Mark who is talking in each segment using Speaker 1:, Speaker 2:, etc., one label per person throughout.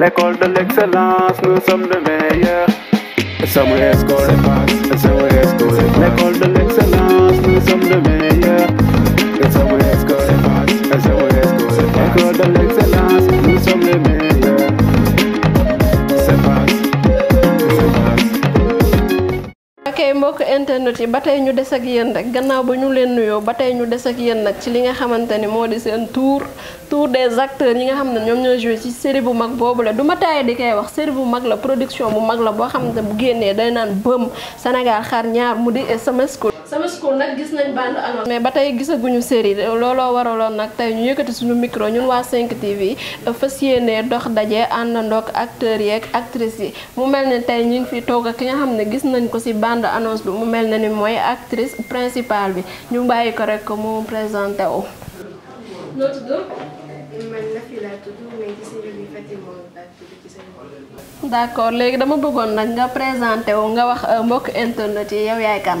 Speaker 1: L'école de l'excellence, nous sommes les meilleurs. Somewhere school est passe, somewhere school est L'école de l'excellence, nous sommes les meilleurs. internet yi ba tey ñu des ak yéen rek gannaaw ba ñu leen nuyoo ba tey ñu des ak yéen nag ci li nga xamante ni moo di seen tour tour des acteurs ñi nga xam ne ñoom ñoo joué ci série bu mag boobu la du ma taay di koy wax série bu mag la production bu mag la boo xam ne bu génnee day naan bëm Sénégal xaar ñaar mu di SMS sama school nag gis nañ bande annonce mais ba tey gisaguñu série looloo waraloon nag ñu suñu micro ñun daje àndandoog acteurs yeeg actrices yi mu mel ne ñu fi toog ak nga xam gis nañ bi mu ni actrice principale bi ñu ko rek mu présenté dama nga présenté wu nga wax euh, mbokk internet kan.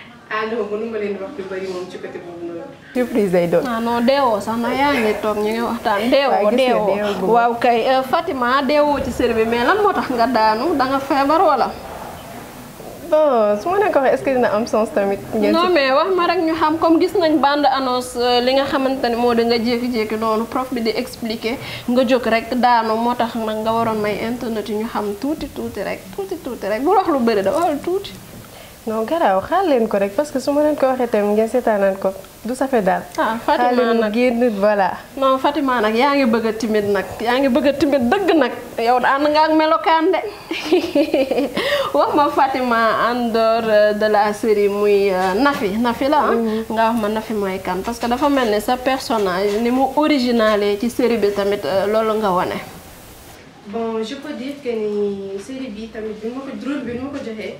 Speaker 1: aadama mënu ma leen wax lu bari moom ci côté boobu noonu surprise doon non deewoo sax na yaa ngi toog ñu ngi kay Fatima deewoo ci sër bi mais lan moo tax nga daanu da nga wala bon su ko waxee est am sens tamit non mais wax ma rek ñu xam gis nga prof bi di expliquer nga jóg rek daanu moo tax nag nga waroon may internet yi ñu xam tuti rek tuuti tuuti rek bu wax da oh, non gara, xaar leen ko rek parce que su len leen ko waxee tamit ngeen seetaanaan ko du fait daal. ah Fatima nak. génn voilà. non Fatima nak, ya nga bëgg a nak, ya nga ngi bëgg a timide dëgg yow and nga ak melokaan de wax ma Fatima andor eh, de la série muy eh, Nafi Nafi la nga wax ma Nafi moy kan parce que dafa melni sa personnage ni mu originalé ci série bi tamit eh, lolu nga wane. bon je peux dire que ni série bi tamit bi mo ko drôle bi ma ko joxee.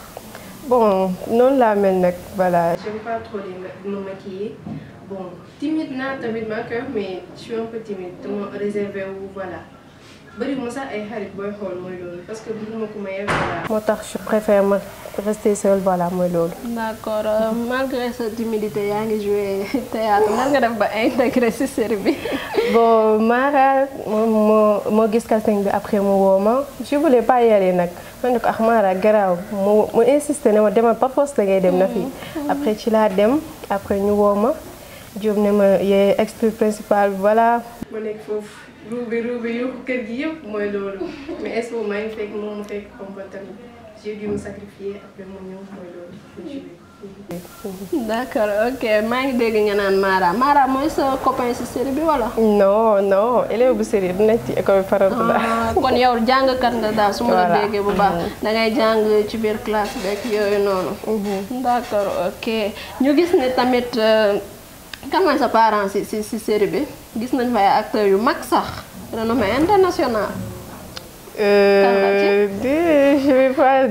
Speaker 1: Bon, non mais mel voilà. J'aime pas trop les, maquiller. Bon, timide na timide, ma mais je suis un peu timide, donc réservé ou voilà bëriwuma sax ay xarit booy xool mooy loolu parce que bëgguma ku ma yegg voilà. moi tax je préfère rester seul voilà mooy loolu. d' accord euh, malgré sa timidité yaa ngi joué théâtre nan nga def ba intégré si série bi. bon Mara moo moo gis casting bi après mu woo ma je voulais pas y aller nag mais ne ko ah Mara garaaw mu mu insisté ne ma demal par da ngay dem na fi. Mm-hmm. après ci laa dem après ñu woo ma Diop ne ma yee actrice principal voilà. ma nekk foofu ruube ruube yokku kër gi yëpp mooy loolu mais est maa ngi fekk moom mu fekk comme dégg nga naan Mara Mara mooy sa copain si série bi wala. non non élève bu série bu nekk ci école faral la. Ah, kon yow jàngkat nga daal su ma la déggee bu baax. Mm-hmm. da ngay jàng ci biir classe beeg yooyu noonu. Mm-hmm. d'accord ok ñu gis ne tamit. Euh, kan mooy sa parent si si si série bi gis nañ fa ay acteurs yu mag sax renommé international. Euh,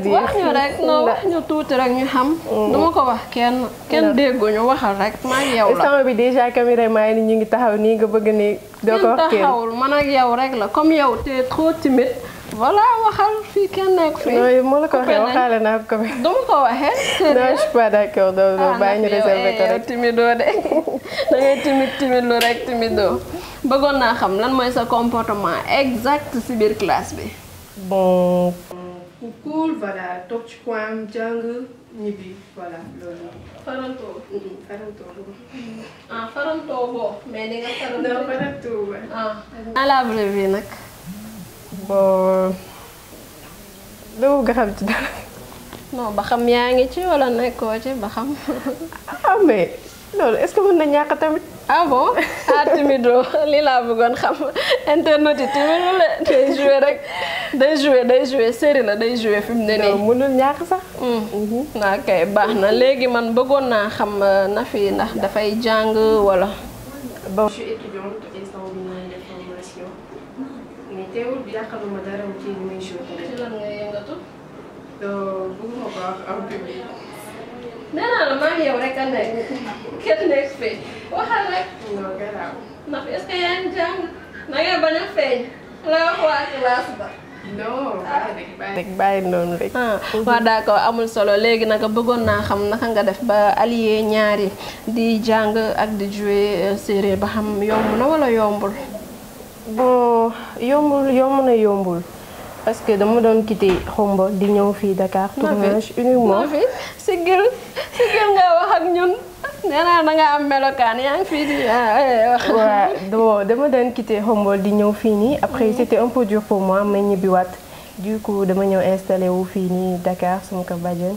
Speaker 1: wax ñu rek non wax ñu tuuti rek ñu xam. Mm. duma ko wax kenn kenn dégguñu waxal rek maa ngi yow la. sama bi déjà caméraman yi ñu ngi taxaw nii nga bëgg ni doo ko wax kenn taxawul ak yow rek la comme yow te trop timide. voilà waxal fii kenn nekk fii. yooyu moo la ko waxee waxaale naa ko. du ma ko waxee. non de da ngay timide rek timidoo oh. bëggoon naa xam lan mooy sa comportement exact ci biir classe bi. bon. ku cool voilà ah. la vraie vie bon dama bëgg xam ci dara. ba xam yaa ngi ci wala nekkoo ci ba xam. ah loolu est-ce que na ñàkk tamit. ah bon ah timido lii laa bëggoon xam internet yi timido la day joué rek day joué day joué série la day joué fi mu ne nii. mënul ñàkk sax. ok hmm. mhm. ah, baax na léegi man bëggoon naa xam euh, na fi ndax dafay jàng walla bon mais teewul yàqaluma dara ci li may show tamit. ci lan nga yëngatu. bëgguma ko wax am public. nee naa Non, maa ngi yow rek a nekk kenn nekk fii waxal rek. non garaaw. ndax est ce na ngay a ba. non bàyyi noonu rek. waaw d'accord amul solo léegi nag bëggoon naa xam naka nga def ba allié ñaari di jàng ak di jouer eh, séeréer ba xam yomb na wala yombul. bon yombul yomb na yombul parce que dama doon quitté xomba di ñëw fii dakaar tournage uniquement Nafi siggil siggil nga wax ak ñun. nee naa am melokaan yaa ngi fii di ah, eh, waaw bon dama doon quitté xomba di ñëw fii nii après mm-hmm. c'était un peu dur pour moi ma ñibbiwaat du coup dama ñëw installé wu fii nii dakaar suma ko bàjjen.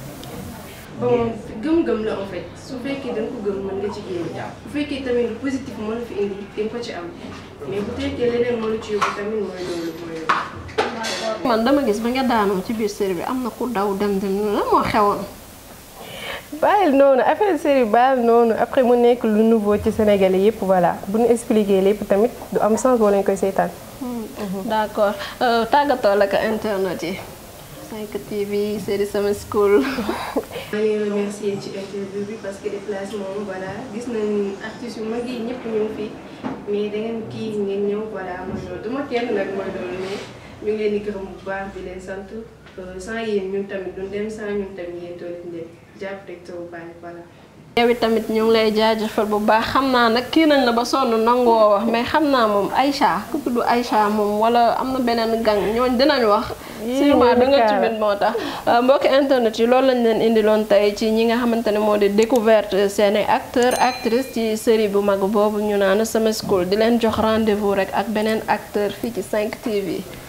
Speaker 1: bon gëm-gëm man dama gis ba nga daanoo ci biir série bi am na ku daw dem dem lan moo xewoon. bàyyil noonu affaire série bàyyil noonu après mu nekk lu nouveau ci Sénégalais yépp voilà bu ñu expliqué lépp tamit du am sens wala ñu koy seetaan. Hmm, d'accord euh, tàggatoo la ko internet yi. 5 TV série sama school. maa ngi remercier ci interview bi parce que déplacement voilà gis nañu artistes yu mag yi ñëpp ñu ngi mais da kii ngeen ñëw voilà ma duma kenn nag ma doon mais ñu ngi leen di gërëm baax bi leen sant sans yi ñun tamit duñ dem ñun tamit yéen doon leen rek taw baax voilà. yow it tamit ñu ngi lay jaajëfal bu baax xam naa nag kii nañ la ba sonn nangoo wax mais xam naa moom ay Aïcha ku ay Aïcha moom wala am na beneen gang ñooñ dinañ wax sûrement danga nga tamit moo tax euh, mbokki internet yi loolu lañ leen indiloon tey ci ñi nga xamante ne moo di découverte seen acteur actrice ci série bu mag boobu ñu naan Sama School di leen jox rendez-vous rek ak beneen acteur fii ci 5 TV